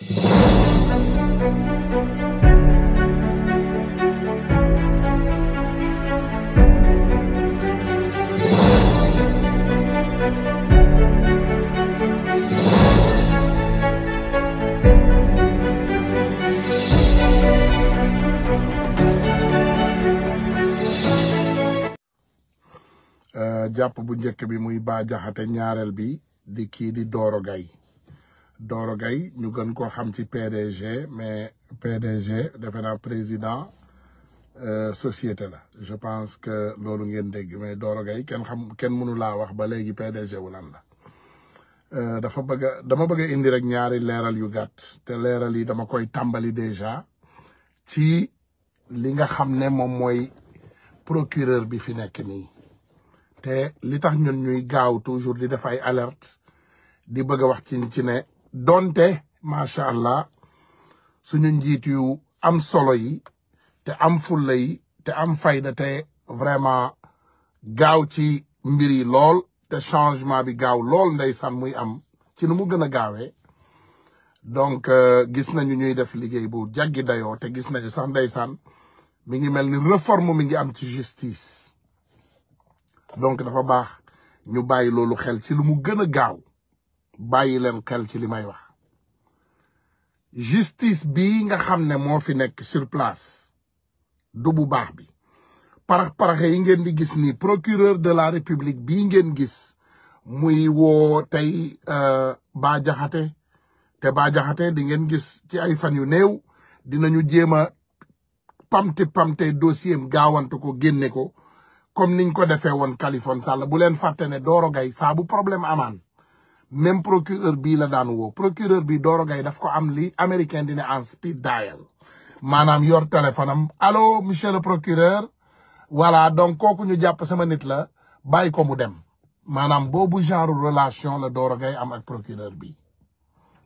Euh, jàpp bu njëkk bi muy baa ñaarel bi di kii di Doro gay Doro gay ñu gën koo xam ci PDG mais PDG defe naa président euh, société la je pense que loolu ngeen dégg mais Doro gay kenn xam kenn mënu laa wax ba léegi PDG wu lan la euh, dafa bëgg dama bëgg a indi rek ñaari leeral yu gàtt te leeral yi dama koy tàmbali déjà ci li nga xam ne moom mooy procureur bi fi nekk nii te li tax ñun ñuy gaaw toujours di def ay alerte di bëgg a wax ci ci ne donte macha allah suñu njiit yu am solo yi te am fulla te am fayda te vraiment gaaw ci mbir lool te changement bi gaaw lool ndeysaan muy am ci nu mu gën a gaawee donc euh, gis ñu ñuy def liggéey bu jaggi dayoo te gis nañu sax ndeysaan mi ngi mel ni réforme mi ngi am ci justice donc dafa baax ñu bàyyi loolu xel ci lu mu gën a gaaw bàyyi leen xel ci li wax justice bi nga xam ne moo fi nekk sur place du bu baax bi parax paraxe yi ngeen di gis ni procureur de la république bii ngeen gis muy woo tey euh, Bah Diakhaté te Bah Diakhaté di ngeen gis ci ay fan yu néew dinañu jéem a pamte pamte dossier am gaawante ko génne ko comme niñ ko defee woon Kalifone Sall bu leen fàtte ne Doro Gaye saa bu amaan même procureur bii la daan woo procureur bi dooro gay daf ko am li américain dina en speed dial maanaam yor téléphone am allo monsieur le procureur voilà donc kooku ñu jàpp sama nit la bàyyi ko mu dem maanaam boobu genre relation la dooro gay am ak procureur bi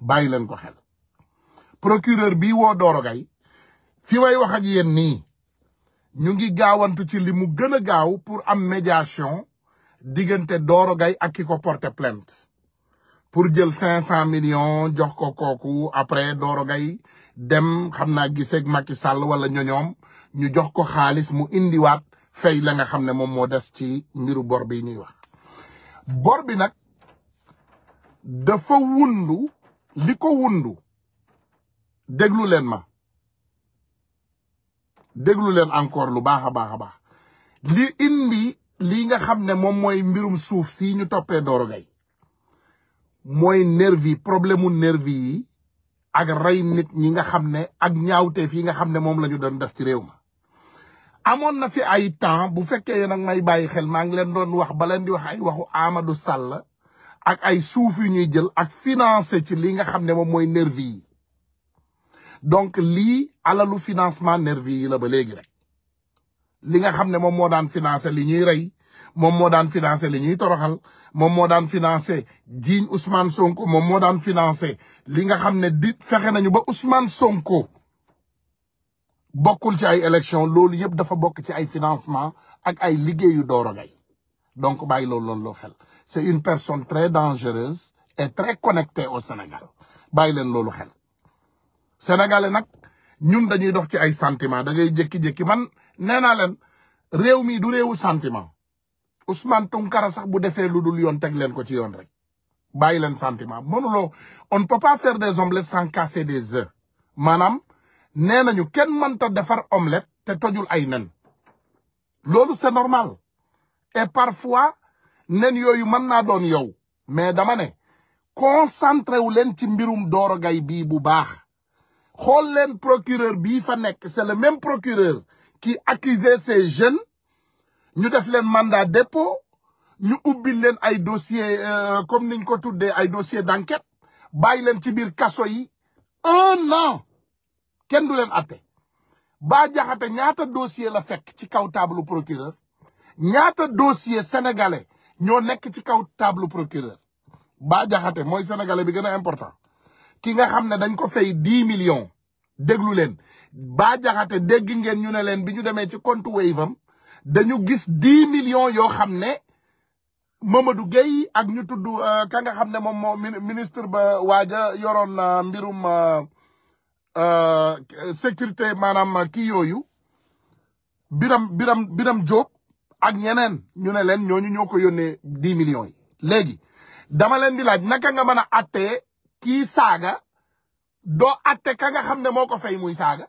bàyyi leen ko xel procureur bi woo dooro gay fi may wax ak yéen nii ñu ngi gaawantu ci li mu gën a gaaw pour am médiation diggante dooro gay ak ki ko porter plainte pour jël cinq cent millions jox ko kooku après Doro Gaye dem xam naa giseeg Macky Sall wala ñoñoom ñu jox ko xaalis mu indiwaat fay la nga xam ne moom moo des ci mbiru bor bi ñuy wax bor bi nag dafa wundu li ko wundu déglu leen ma déglu leen encore lu baax a baax a baax li indi li nga xam ne moom mooy mbirum suuf si ñu toppee Doro Gaye mooy nervi problème mu nervi yi ak rey nit ñi nga xam ne ak ñaawteef yi nga xam ne moom la ñu doon def ci réew ma amoon na fi ay temps bu fekkee yéen may bàyyi xel maa ngi leen doon wax ba leen di wax ay waxu Amadou Sall ak ay suuf yu ñuy jël ak financé ci li nga xam ne moom mooy nervi yi donc lii alalu financement nervi yi la ba léegi rek li nga xam ne moom moo daan financer li ñuy rey moom moo daan financé li ñuy toroxal moom moo daan financé jiiñ Ousmane Sonko moom moo daan financé li nga xam ne di fexe nañu ba Ousmane Sonko bokkul ci ay élection loolu yëpp dafa bokk ci ay financement ak ay liggéeyu Doro Gaye donc bàyyi loolu loolu loo xel c'est une personne très dangereuse et très connectée au Sénégal bàyyi leen loolu xel sénégalais nag ñun dañuy dox ci ay sentiment da ngay jékki man nee naa leen réew mi du réewu sentiment Ousmane Tounkara sax bu defee lu dul yoon teg leen ko ci yoon rek bàyyi leen sentiment mënuloo on ne peut pas faire des omelettes sans casser des œufs maanaam nee nañu kenn mënta defar omelette te tojul ay nen loolu c'est normal et parfois nen yooyu mën naa doon yow mais dama ne concentré wu leen ci mbirum Doro Gaye bii bu baax xool leen procureur bii fa nekk c'est le même procureur qui accusait ces jeunes ñu def leen mandat dépôt ñu ubbil leen ay dossier euh, comme niñ ko tuddee ay dossier d'enquête bàyyi leen ci biir kaso yi un an kenn du leen atte ba jaxate ñaata dossier la fekk ci kaw table procureur ñaata dossier sénégalais ñoo nekk ci kaw table procureur ba jaxate mooy sénégalais bi gën a important ki nga xam ne dañ ko fay dix millions déglu leen ba jaxate dégg ngeen ñu ne leen bi ñu demee ci conte Wave am dañu gis dix millions yoo xam ne Mamadou Gueye ak ñu tudd euh, ka nga xam ne moom moo ministre ba waaja yoroon euh, mbirum euh, sécurité maanaam kii yooyu biram biram biram Diop ak ñeneen ñu ne leen ñooñu ñoo ko yónnee dix millions yi léegi dama leen di laaj naka nga mën a attee kii saaga doo atte ka nga xam ne moo ko fay muy saaga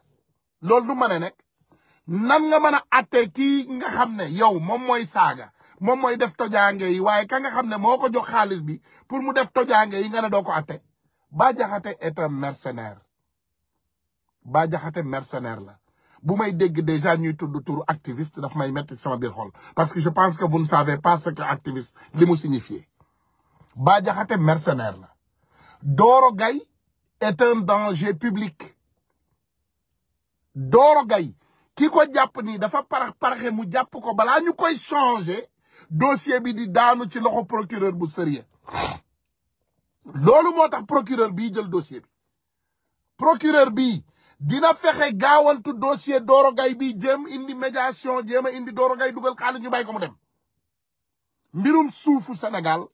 loolu du mën a nekk nan nga mën a atte kii nga xam ne yow moom mooy saaga moom mooy def tojaange yi waaye ka nga xam ne moo ko jox xaalis bi pour mu def tojaange yi nga ne doo ko atte Bah Diakhaté est un mercenaire Bah mercenaire la bu may dégg déjà ñuy tudd turu activiste daf may metti sama biir xol parce que je pense que vous ne savez que activiste li mu signifie Bah Diakhaté mercenaire la Doro Gaye est un danger public Doro Gaye ki ko jàpp nii dafa parax paraxe mu jàpp ko balaa ñu koy changer dossier bi di daanu ci loxo procureur bu sérieux loolu moo tax procureur bii jël dossier bi procureur bii dina fexe gaawantu dossier Doro Gaye bi jéem indi médiation jéem a indi Doro Gaye dugal xaalis ñu bay ko mu dem mbirum suufu Sénégal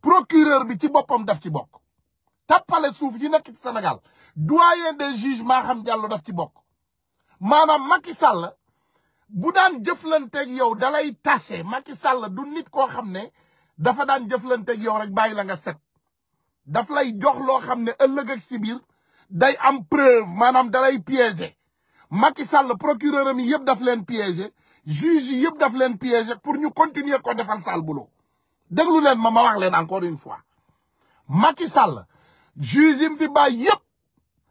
procureur bi ci boppam daf ci bokk tappale suuf yi nekk sénégal Sénégal doyen des juges Maham Diallo daf ci bokk maanaam maki Sall bu daan jëflanteeg yow dalay tâché Macky Sall du nit koo xam ne dafa daan jëflanteeg yow rek bàyyi la nga set daf lay jox loo xam ne ëllëg ak sibir day am preuve maanaam dalay piégé Macky Sall procureur am yëpp daf leen piégé juge yëpp daf leen piégé pour ñu continuer ko defal sale boulot déglu leen ma ma wax leen encore une fois maki Sall juge fi bàyyi yëpp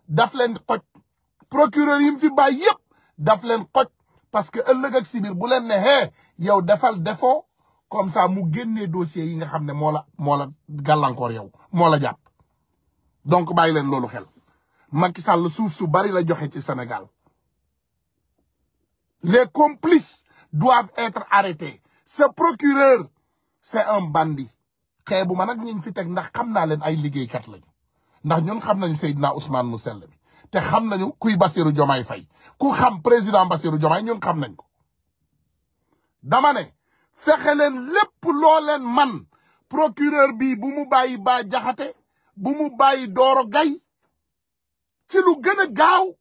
daf leen xoj procureur yi fi bàyyi yëpp daf leen xoj parce que ëllëg ak sibir bu leen ne hee yow defal defo comme sa mu génnee dossier yi nga xam ne moo la moo gàllankoor yow moo la jàpp donc bàyyi leen loolu xel Macky Sall suuf su bari la joxe ci Sénégal les complices doivent être arrêtés ce procureur c'est un bandit xeebu ma nag ñu fi teg ndax xam naa leen ay liggéeykat lañu ndax ñun xam nañ Seydina Ousmane mu sell te xam nañu kuy Bassirou jomay fay ku xam président Bassirou Diomaye ñun xam nañ ko dama ne fexe leen lépp loo man procureur bi bu mu bàyyi Bah Diakhaté bu mu bàyyi Doro Gaye ci lu gën a gaaw